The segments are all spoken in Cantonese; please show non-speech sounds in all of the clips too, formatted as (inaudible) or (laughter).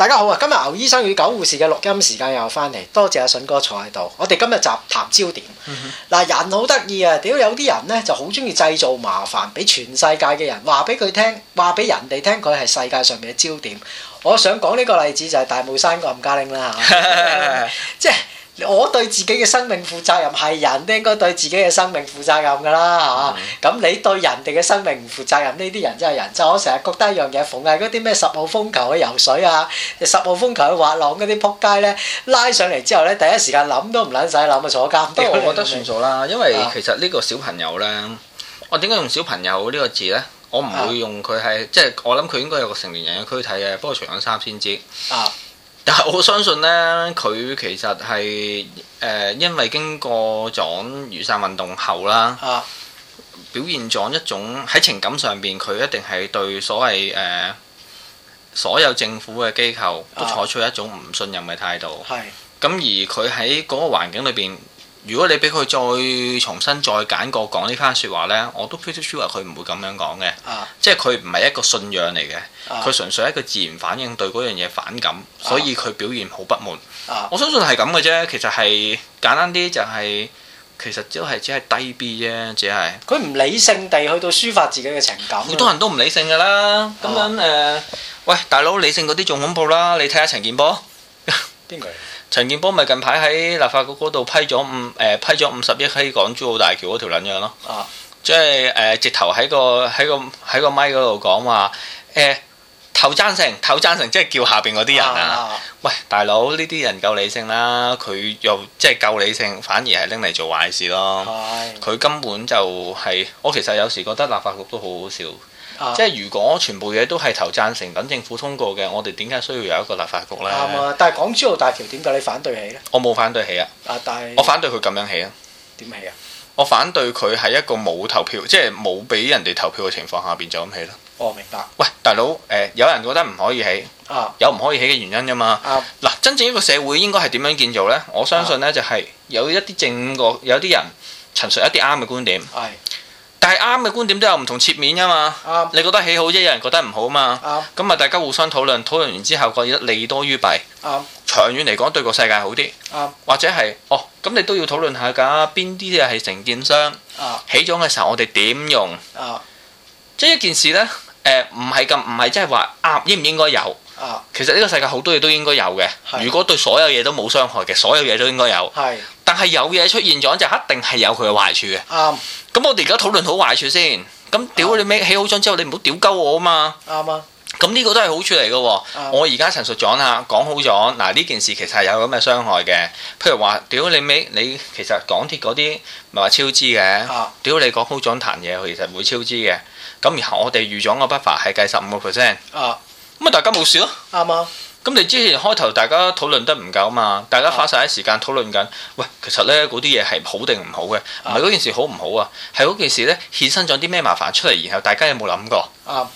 大家好啊！今日牛醫生與狗護士嘅錄音時間又翻嚟，多謝阿順哥坐喺度。我哋今日集談焦點。嗱、嗯哼，人好得意啊！屌，有啲人呢就好中意製造麻煩，俾全世界嘅人話俾佢聽，話俾人哋聽，佢係世界上面嘅焦點。我想講呢個例子就係大帽山個吳家令啦吓， (laughs) (laughs) 即係。我對自己嘅生，生、嗯、生命負責任，係人都應該對自己嘅生命負責任㗎啦嚇。咁你對人哋嘅生命唔負責任，呢啲人真係人渣。我成日覺得一樣嘢，逢係嗰啲咩十號風球去游水啊，十號風球去滑浪嗰啲撲街呢，拉上嚟之後呢，第一時間諗都唔諗曬，諗咪坐監。不過我覺得算數啦，因為其實呢個小朋友呢，啊、我點解用小朋友呢個字呢？我唔會用佢係即係我諗佢應該有個成年人嘅軀體嘅，不過除咗衫先知。啊。但係我相信呢，佢其實係、呃、因為經過咗雨傘運動後啦，啊、表現咗一種喺情感上邊，佢一定係對所謂、呃、所有政府嘅機構都採取一種唔信任嘅態度。係咁、啊嗯、而佢喺嗰個環境裏邊。如果你俾佢再重新再揀過講呢番説話呢，我都非常之以為佢唔會咁樣講嘅，啊、即係佢唔係一個信仰嚟嘅，佢、啊、純粹係一個自然反應對嗰樣嘢反感，所以佢表現好不滿。啊啊、我相信係咁嘅啫，其實係簡單啲就係、係、其實係只係只係低 B 啫，只係佢唔理性地去到抒發自己嘅情感。好多人都唔理性噶啦，咁、啊、樣誒，uh, 喂，大佬理性嗰啲仲恐怖啦，你睇下陳建波邊個？ (laughs) 陳健波咪近排喺立法局嗰度批咗五誒批咗五十億起港珠澳大橋嗰條撚樣咯，啊、即係誒、呃、直頭喺個喺個喺個咪嗰度講話誒投贊成投贊成，即係叫下邊嗰啲人啊！啊喂，大佬呢啲人夠理性啦，佢又即係夠理性，反而係拎嚟做壞事咯。佢、啊、根本就係、是、我其實有時覺得立法局都好好笑。即係如果全部嘢都係投贊成等政府通過嘅，我哋點解需要有一個立法局呢？但係港珠澳大橋點解你反對起呢？我冇反對起啊！但係我反對佢咁樣起啊！點起啊？我反對佢係一個冇投票，即係冇俾人哋投票嘅情況下邊就咁起囉。哦，明白。喂，大佬，誒、呃、有人覺得唔可以起，啊、有唔可以起嘅原因啫嘛。嗱、啊，真正一個社會應該係點樣建造呢？我相信呢，就係有一啲政府，有啲人陳述一啲啱嘅觀點。係、啊。啊但係啱嘅觀點都有唔同切面噶嘛，啊、你覺得起好啫，有人覺得唔好嘛，咁咪、啊、大家互相討論，討論完之後覺得利多於弊，啊、長遠嚟講對個世界好啲，啊、或者係哦，咁你都要討論下㗎，邊啲嘢係承建商，啊、起咗嘅時候我哋點用，啊、即係一件事呢，誒唔係咁唔係即係話啱，應唔應該有？其實呢個世界好多嘢都應該有嘅。如果對所有嘢都冇傷害嘅，所有嘢都應該有。係。但係有嘢出現咗，就一定係有佢嘅壞處嘅。啱。咁我哋而家討論好壞處先。咁屌你尾，起好咗之後，你唔好屌鳩我啊嘛。啱啊。咁呢個都係好處嚟嘅喎。我而家陳述咗啦，講好咗。嗱呢件事其實係有咁嘅傷害嘅。譬如話屌你尾，你其實港鐵嗰啲咪係話超支嘅。屌你講好咗彈嘢，佢其實會超支嘅。咁然後我哋預咗個 buffer 係計十五個 percent。咁大家冇事咯，啱啊、嗯！咁你之前開頭大家討論得唔夠啊嘛，大家花晒啲時間討論緊，喂，其實呢嗰啲嘢係好定唔好嘅，唔係嗰件事好唔好啊，係嗰件事呢，衍生咗啲咩麻煩出嚟，然後大家有冇諗過？咁、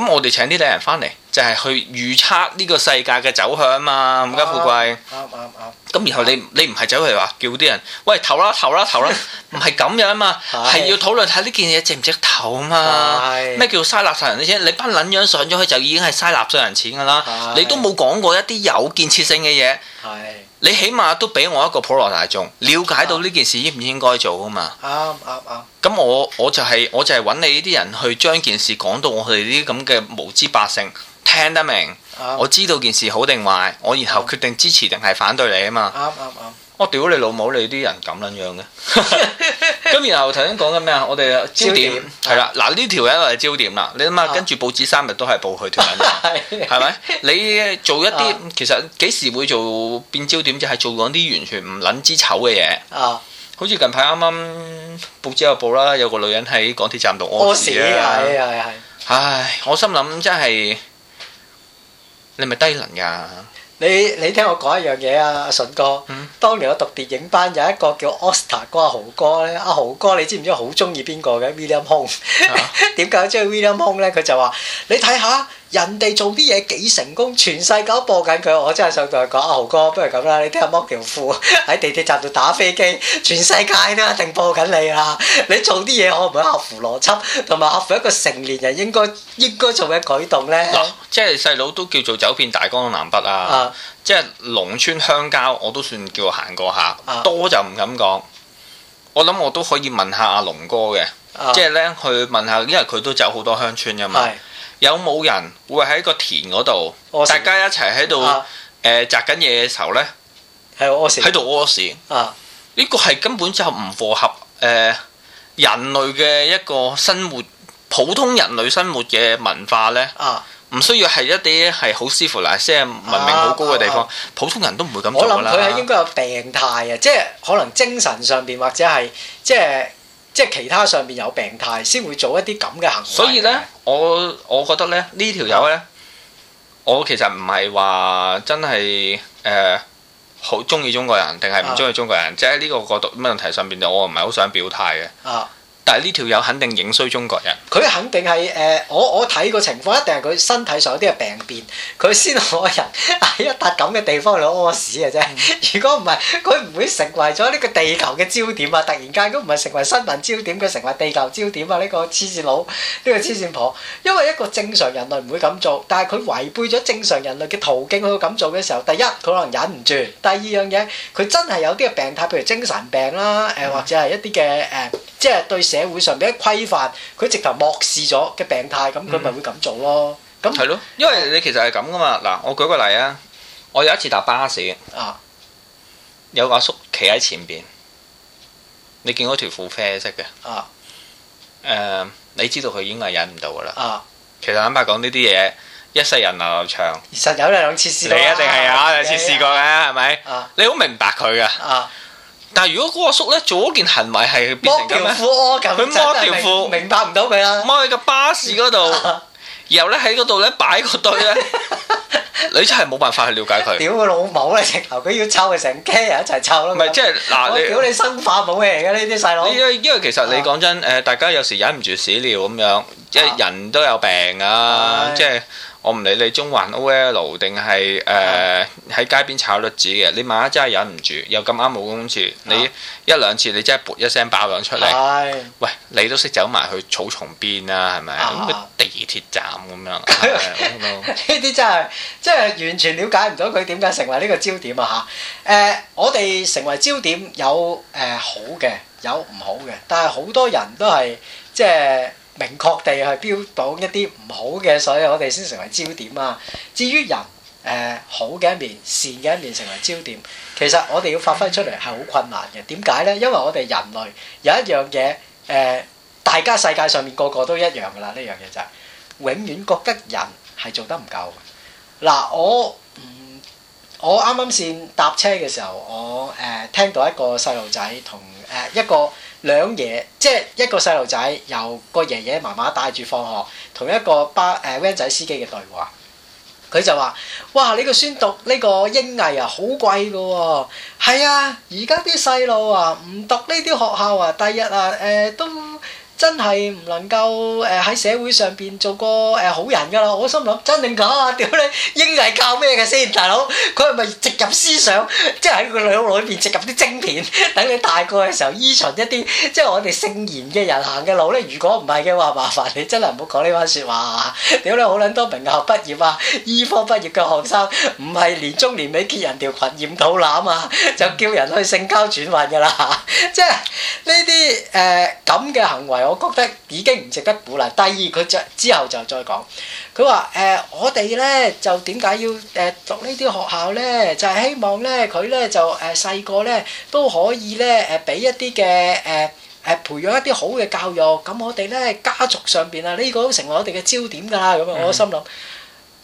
嗯、我哋請啲靚人返嚟。就係去預測呢個世界嘅走向嘛，冇家富貴。啱啱啱。咁然後你你唔係走去話叫啲人，喂投啦投啦投啦，唔係咁樣嘛，係要討論下呢件嘢值唔值投啊嘛。咩叫嘥納稅人啲錢？你班撚樣上咗去就已經係嘥納稅人錢㗎啦。你都冇講過一啲有建設性嘅嘢。係。你起碼都俾我一個普羅大眾了解到呢件事應唔應該做啊嘛。啱啱啱。咁我我就係我就係揾你呢啲人去將件事講到我哋呢啲咁嘅無知百姓。聽得明，我知道件事好定壞，我然後決定支持定係反對你啊嘛。啱啱啱。我屌你老母，你啲人咁撚樣嘅。咁然後頭先講緊咩啊？我哋焦點係啦，嗱呢條友就係焦點啦。你諗下，跟住報紙三日都係報佢條嘢，係咪？你做一啲其實幾時會做變焦點就係做嗰啲完全唔撚之醜嘅嘢。好似近排啱啱報紙又報啦，有個女人喺港鐵站度屙屎。唉，我心諗真係～你咪低能㗎？你你聽我講一樣嘢啊，阿順哥。嗯、當年我讀電影班有一個叫 Oscar 哥叫豪哥咧，阿、啊、豪哥你知唔知好中意邊個嘅 William Hong 點解中意 William Hong 呢？佢就話：你睇下。人哋做啲嘢幾成功，全世界都播緊佢，我真係想同佢講：阿豪哥，不如咁啦，你聽下剝條褲喺地鐵站度打飛機，全世界都一定播緊你啦！你做啲嘢可唔可以合乎邏輯，同埋合乎一個成年人應該應該做嘅舉動呢？即係細佬都叫做走遍大江南北啊！是即係農村鄉郊，我都算叫行過下，是多就唔敢講。我諗我都可以問下阿龍哥嘅，即係是呢，去問下，因為佢都走好多鄉村吖嘛。是有冇人會喺個田嗰度，是大家一齊喺度誒摘緊嘢嘅時候咧，喺度屙屎，喺度屙屎。啊！呢個係根本就唔符合誒、呃、人類嘅一個生活，普通人類生活嘅文化咧，啊，唔需要係一啲係好舒服、嗱，即係文明好高嘅地方，uh, uh, 普通人都唔會咁做啦。我諗佢係應該有病態啊，即係可能精神上邊或者係即係。即係其他上邊有病態，先會做一啲咁嘅行為。所以呢，我我覺得呢，呢條友呢，呢啊、我其實唔係話真係誒、呃、好中意中國人，定係唔中意中國人？啊、即係呢個角度問題上邊就我唔係好想表態嘅。啊但係呢條友肯定影衰中國人，佢肯定係誒、呃、我我睇個情況一定係佢身體上有啲嘅病變，佢先可以，喺一笪咁嘅地方度屙屎嘅啫。如果唔係，佢唔會成為咗呢個地球嘅焦點啊！突然間，如果唔係成為新聞焦點，佢成為地球焦點啊！呢、這個黐線佬，呢、這個黐線婆，因為一個正常人類唔會咁做，但係佢違背咗正常人類嘅途徑去到咁做嘅時候，第一佢可能忍唔住，第二樣嘢佢真係有啲嘅病態，譬如精神病啦，誒、呃嗯、或者係一啲嘅誒，即係對社社會上邊一規範，佢直頭漠視咗嘅病態，咁佢咪會咁做咯？咁係咯，因為你其實係咁噶嘛。嗱，我舉個例啊，我有一次搭巴士啊，有個阿叔企喺前邊，你見嗰條褲啡色嘅啊？誒，你知道佢已經係忍唔到噶啦啊？其實坦白講呢啲嘢，一世人流流長，實有兩次試，你一定係啊，有兩次試過嘅係咪？啊，你好明白佢噶啊。但係如果嗰個叔咧做件行為係變成條褲。佢摸條褲，明白唔到佢啦。摸佢個巴士嗰度，然後咧喺嗰度咧擺個堆咧，你真係冇辦法去了解佢。屌佢老母啊！直頭佢要臭佢成 K，人一齊臭啦。唔係即係嗱，你屌你生化冇咩嘅呢啲細路？因為因為其實你講真，誒，大家有時忍唔住屎尿咁樣，即係人都有病啊，即係。我唔理你中環 OL 定係誒喺街邊炒栗子嘅，你萬一真係忍唔住，又咁啱冇公廁，你一兩次你真係撥一聲爆咗出嚟。係，喂，你都識走埋去草叢邊啊？係咪？咁嘅係地鐵站咁樣，呢啲真係，真係完全了解唔到佢點解成為呢個焦點啊！嚇，誒，我哋成為焦點有誒、呃、好嘅，有唔好嘅，但係好多人都係即係。即明確地去標榜一啲唔好嘅，所以我哋先成為焦點啊。至於人誒、呃、好嘅一面、善嘅一面成為焦點，其實我哋要發揮出嚟係好困難嘅。點解呢？因為我哋人類有一樣嘢誒，大家世界上面個個都一樣㗎啦，呢樣嘢就係、是、永遠覺得人係做得唔夠嘅。嗱我。我啱啱先搭車嘅時候，我誒、呃、聽到一個細路仔同誒一個兩爺，即係一個細路仔由個爺爺媽媽帶住放學，同一個巴誒 van 仔司機嘅對話。佢就話：哇！你、這個孫讀呢、這個英藝啊，好貴㗎喎。係啊，而家啲細路啊，唔讀呢啲學校啊，第日啊誒、呃、都。真係唔能夠誒喺社會上邊做個誒好人㗎啦！我心諗真定假啊！屌你，應係靠咩嘅先，大佬佢係咪植入思想？即係喺佢腦裏邊植入啲晶片，等你大個嘅時候依循一啲即係我哋聖賢嘅人行嘅路呢。如果唔係嘅話，麻煩你真係唔好講呢番説話啊！屌你，好撚多名校畢業啊，醫科畢業嘅學生唔係年中年尾揭人條裙、染肚腩啊，就叫人去性交轉運㗎啦！即係呢啲誒咁嘅行為。我覺得已經唔值得鼓勵。第二，佢再之後就再講，佢話誒，我哋咧就點解要誒、呃、讀呢啲學校咧？就係、是、希望咧，佢咧就誒細個咧都可以咧誒，俾一啲嘅誒誒培養一啲好嘅教育。咁我哋咧家族上邊啊，呢、這個都成為我哋嘅焦點㗎啦。咁啊，我心諗。嗯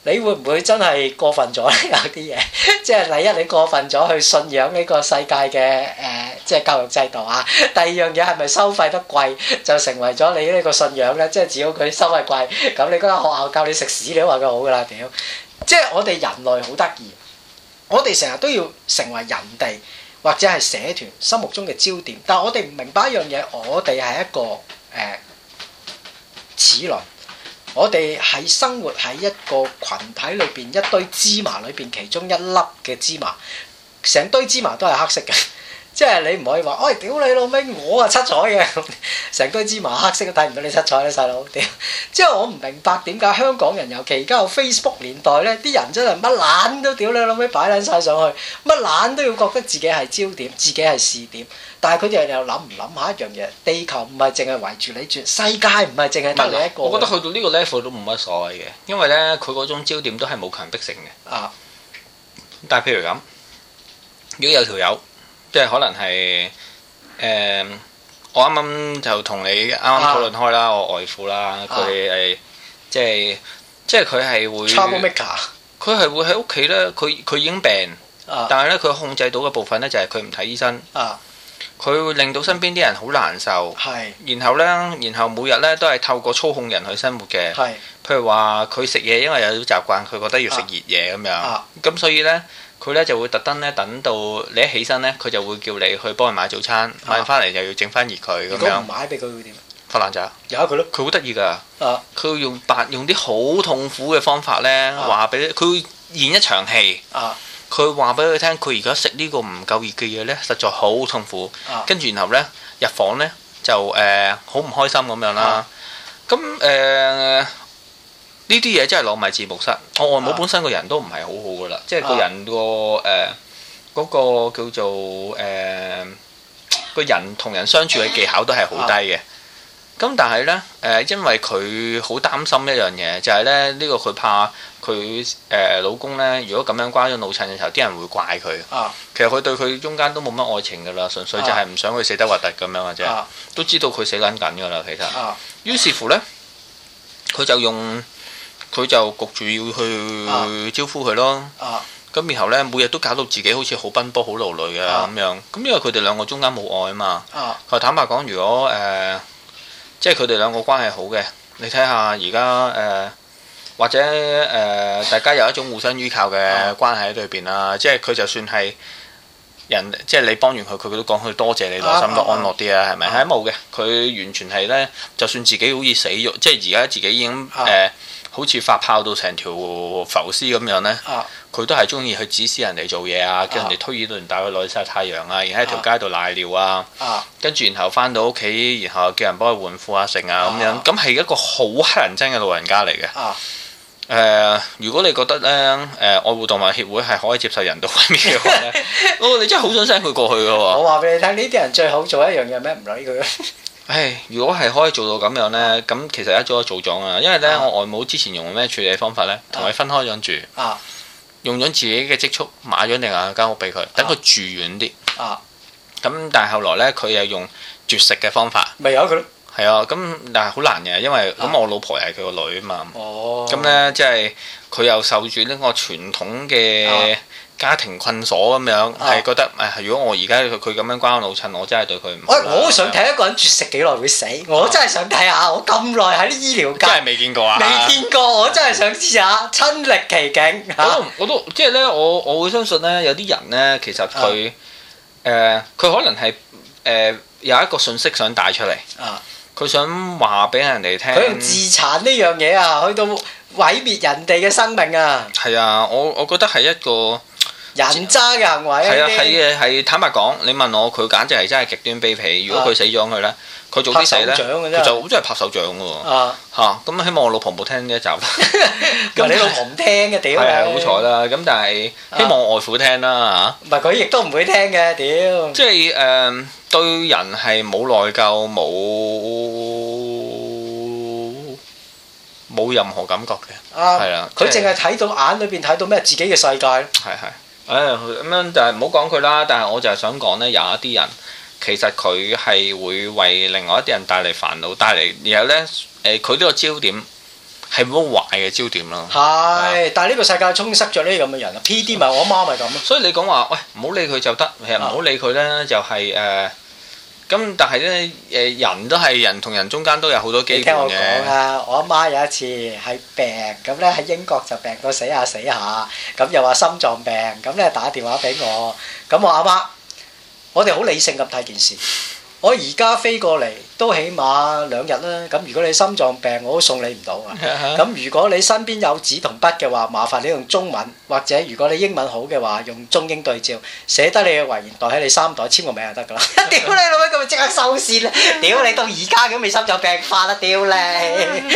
你會唔會真係過分咗咧？有啲嘢，即係第一你過分咗去信仰呢個世界嘅誒、呃，即係教育制度啊。第二樣嘢係咪收費得貴就成為咗你呢個信仰咧？即係只要佢收費貴，咁你嗰間學校教你食屎，你都話佢好噶啦，屌！即係我哋人類好得意，我哋成日都要成為人哋或者係社團心目中嘅焦點，但係我哋唔明白一樣嘢，我哋係一個誒齒輪。呃我哋喺生活喺一個群體裏邊，一堆芝麻裏邊其中一粒嘅芝麻，成堆芝麻都係黑色嘅。即係你唔可以話，哎，屌你老味，我係七彩嘅，成堆芝麻黑色都睇唔到你七彩咧，細佬，屌！即係我唔明白點解香港人尤其而家 Facebook 年代咧，啲人真係乜撚都屌你老味擺撚晒上去，乜撚都要覺得自己係焦點，自己係視點。但係佢哋又諗唔諗下一樣嘢，地球唔係淨係圍住你轉，世界唔係淨係得你一個。我覺得去到呢個 level 都冇乜所謂嘅，因為咧佢嗰種焦點都係冇強迫性嘅。啊！但係譬如咁，如果有條友。即係可能係誒，我啱啱就同你啱啱討論開啦，我外父啦，佢係即係即係佢係會，佢係會喺屋企咧。佢佢已經病，但係咧佢控制到嘅部分咧就係佢唔睇醫生。佢會令到身邊啲人好難受。然後咧，然後每日咧都係透過操控人去生活嘅。譬如話佢食嘢，因為有啲習慣，佢覺得要食熱嘢咁樣。咁所以咧。佢咧就會特登咧等到你一起身咧，佢就會叫你去幫佢買早餐，買完翻嚟又要整翻熱佢咁樣。如果唔買俾佢會點啊？發爛渣。有得佢咯，佢好得意㗎。啊！佢用白用啲好痛苦嘅方法咧，話俾佢會演一場戲。啊！佢話俾佢聽，佢而家食呢個唔夠熱嘅嘢咧，實在好痛苦。跟住然後咧入房咧就誒好唔開心咁樣啦。咁誒。呢啲嘢真係攞埋字幕室。我、啊、外母本身人、就是、個人都唔係好好噶啦，即係個人個誒個叫做誒個、呃、人同人相處嘅技巧都係好低嘅。咁、啊、但係呢，誒、呃，因為佢好擔心一樣嘢，就係、是、呢，呢、這個佢怕佢誒、呃、老公呢，如果咁樣關咗老襯嘅時候，啲人會怪佢。啊、其實佢對佢中間都冇乜愛情噶啦，純粹就係唔想佢死得核突咁樣或者都知道佢死捻緊噶啦，其實。啊，於是乎呢，佢就用。佢就焗住要去招呼佢咯，咁然後呢，每日都搞到自己好似好奔波好勞累啊咁樣。咁因為佢哋兩個中間冇愛嘛，佢坦白講，如果誒即係佢哋兩個關係好嘅，你睇下而家誒或者誒大家有一種互相依靠嘅關係喺裏邊啦，即係佢就算係人，即係你幫完佢，佢都講佢多謝你，內心都安樂啲啊，係咪？係冇嘅，佢完全係呢，就算自己好似死咗，即係而家自己已經誒。好似發泡到成條浮屍咁樣呢，佢、啊、都係中意去指使人哋做嘢啊，叫人哋推輻輪帶佢落去曬太陽啊，然喺條街度瀨尿啊，跟住然後翻到屋企，然後叫人幫佢換褲啊、剩啊咁樣，咁係一個好乞人憎嘅老人家嚟嘅。誒、啊呃，如果你覺得呢誒、呃、愛護動物協會係可以接受人道毀滅嘅話呢， (laughs) 我你真係好想 send 佢過去㗎喎。 (laughs) 我話俾你聽，呢啲人最好做一樣嘢，咩唔理佢。 (laughs) 唉，如果係可以做到咁樣呢，咁其實一早就做咗啊。因為呢，啊、我外母之前用咩處理方法呢？同佢分開咗住，啊、用咗自己嘅積蓄買咗另外一間屋俾佢，等佢住遠啲。咁、啊、但係後來呢，佢又用絕食嘅方法，咪由佢咯，係啊。咁但係好難嘅，因為咁、啊、我老婆又係佢個女啊嘛。咁、哦、呢，即係佢又受住呢個傳統嘅。啊家庭困所咁樣，係覺得誒，如果我而家佢佢咁樣關我老襯，我真係對佢唔好。我我想睇一個人絕食幾耐會死，我真係想睇下，我咁耐喺啲醫療界。真係未見過啊！未見過，我真係想試下親歷其境。我都即係咧，我我會相信咧，有啲人咧，其實佢誒佢可能係誒有一個訊息想帶出嚟。佢想話俾人哋聽。佢用自殘呢樣嘢啊，去到毀滅人哋嘅生命啊！係啊，我我覺得係一個。人渣嘅行為，係啊係嘅係坦白講，你問我佢簡直係真係極端卑鄙。如果佢死咗，佢咧佢早啲死咧，佢就好似係拍手掌嘅啫。咁希望我老婆冇聽呢一集。咁你老婆唔聽嘅屌！方係好彩啦。咁但係希望我外父聽啦嚇。唔係佢亦都唔會聽嘅屌。即係誒對人係冇內疚冇，冇任何感覺嘅。係啊，佢淨係睇到眼裏邊，睇到咩自己嘅世界。係係。唉，咁樣就係唔好講佢啦。但係我就係想講咧，有一啲人其實佢係會為另外一啲人帶嚟煩惱，帶嚟。然後咧，誒、呃，佢呢個焦點係冇壞嘅焦點咯。係是，吧但係呢個世界充斥咗呢啲咁嘅人啊。P.D. 咪我媽咪咁咯。所以你講話喂，唔好理佢就得，的其實唔好理佢咧就係、是、誒。呃咁但係咧，誒，人都係人同人中間都有好多機會嘅。嗯、你聽我講啊，我阿媽有一次係病，咁咧喺英國就病到死下死下，咁又話心臟病，咁咧打電話俾我，咁我阿媽，我哋好理性咁睇件事。我而家飛過嚟都起碼兩日啦，咁如果你心臟病，我都送你唔到啊。咁如果你身邊有紙同筆嘅話，麻煩你用中文，或者如果你英文好嘅話，用中英對照寫得你嘅遺言，袋喺你衫袋，簽個名就得㗎啦。屌 (laughs) 你老味，佢咪即刻收線啦！屌你 (laughs) 到而家咁你心臟病發啊！屌你！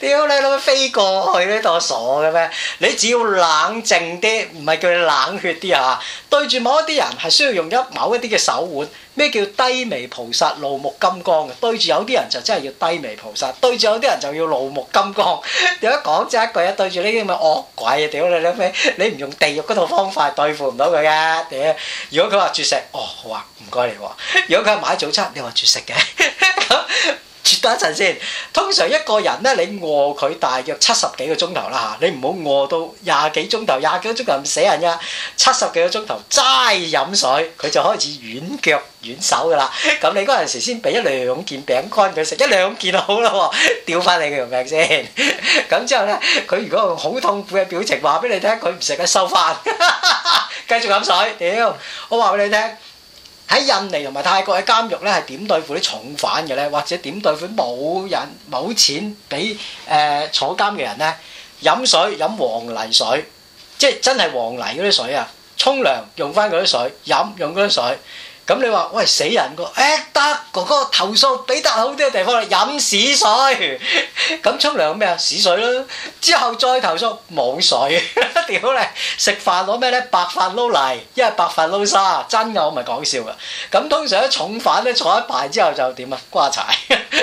屌 (laughs) (laughs) 你老味飛過去呢度傻嘅咩？你只要冷靜啲，唔係叫你冷血啲嚇。對住某一啲人係需要用一某一啲嘅手腕，咩叫低眉菩薩、怒目金剛嘅？對住有啲人就真係要低眉菩薩，對住有啲人就要怒目金剛。屌一講真一句啊，對住呢啲咁嘅惡鬼啊！屌你老味，你唔用地獄嗰套方法對付唔到佢嘅。屌，如果佢話絕食，哦好啊，唔該你喎；如果佢係買早餐，你話絕食嘅。 (laughs) 等一陣先。通常一個人咧，你餓佢大約七十幾個鐘頭啦嚇，你唔好餓到廿幾鐘頭，廿幾個鐘頭唔死人呀。七十幾個鐘頭齋飲水，佢就開始軟腳軟手噶啦。咁你嗰陣時先俾一兩件餅乾佢食，一兩件就好啦喎，掉翻你條命先。咁之後咧，佢如果用好痛苦嘅表情話俾你聽，佢唔食嘅，收翻，繼續飲水。屌，我話俾你聽。喺印尼同埋泰國嘅監獄咧，係點對付啲重犯嘅咧？或者點對付冇人冇錢俾誒、呃、坐監嘅人咧？飲水飲黃泥水，即係真係黃泥嗰啲水啊！沖涼用返嗰啲水，飲用嗰啲水。咁你話喂死人個誒、欸、得哥哥投訴，俾得好啲嘅地方啦，飲屎水，咁沖涼咩啊？屎水啦！之後再投訴冇水，屌你！食飯攞咩咧？白飯撈泥，因為白飯撈沙，真㗎我唔係講笑㗎。咁通常啲重犯咧坐一排之後就點啊？瓜柴，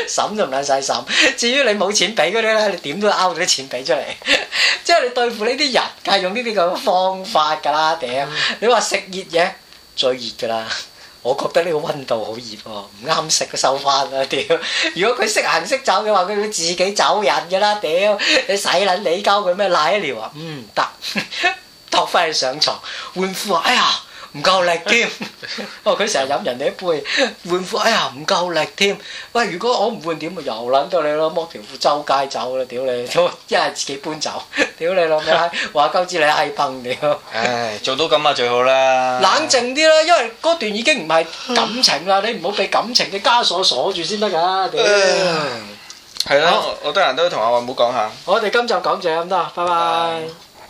審都唔撚使審。至於你冇錢俾嗰啲咧，你點都拗啲錢俾出嚟。即 (laughs) 係你對付呢啲人，梗、就、係、是、用呢啲咁嘅方法㗎啦。屌你話食熱嘢，最熱㗎啦！我覺得呢個温度好熱喎，唔啱食嘅收翻啦！屌，如果佢識行識走嘅話，佢會自己走人㗎喇！屌，你使撚你教佢咩瀨尿啊？嗯，得，託翻去上床換褲啊！哎呀～唔夠力添，哦佢成日飲人哋一杯換褲，哎呀唔夠力添，喂如果我唔換點咪，又諗到你咯，剝條褲周街走啦，屌你，都一係自己搬走，屌你咯咩，話鳩知你係笨屌。唉，做到咁啊最好啦。冷靜啲啦，因為嗰段已經唔係感情啦，你唔好俾感情嘅枷鎖鎖住先得噶。係咯，好多人都同阿韻妹講下。我哋今集講咗咁多，拜拜。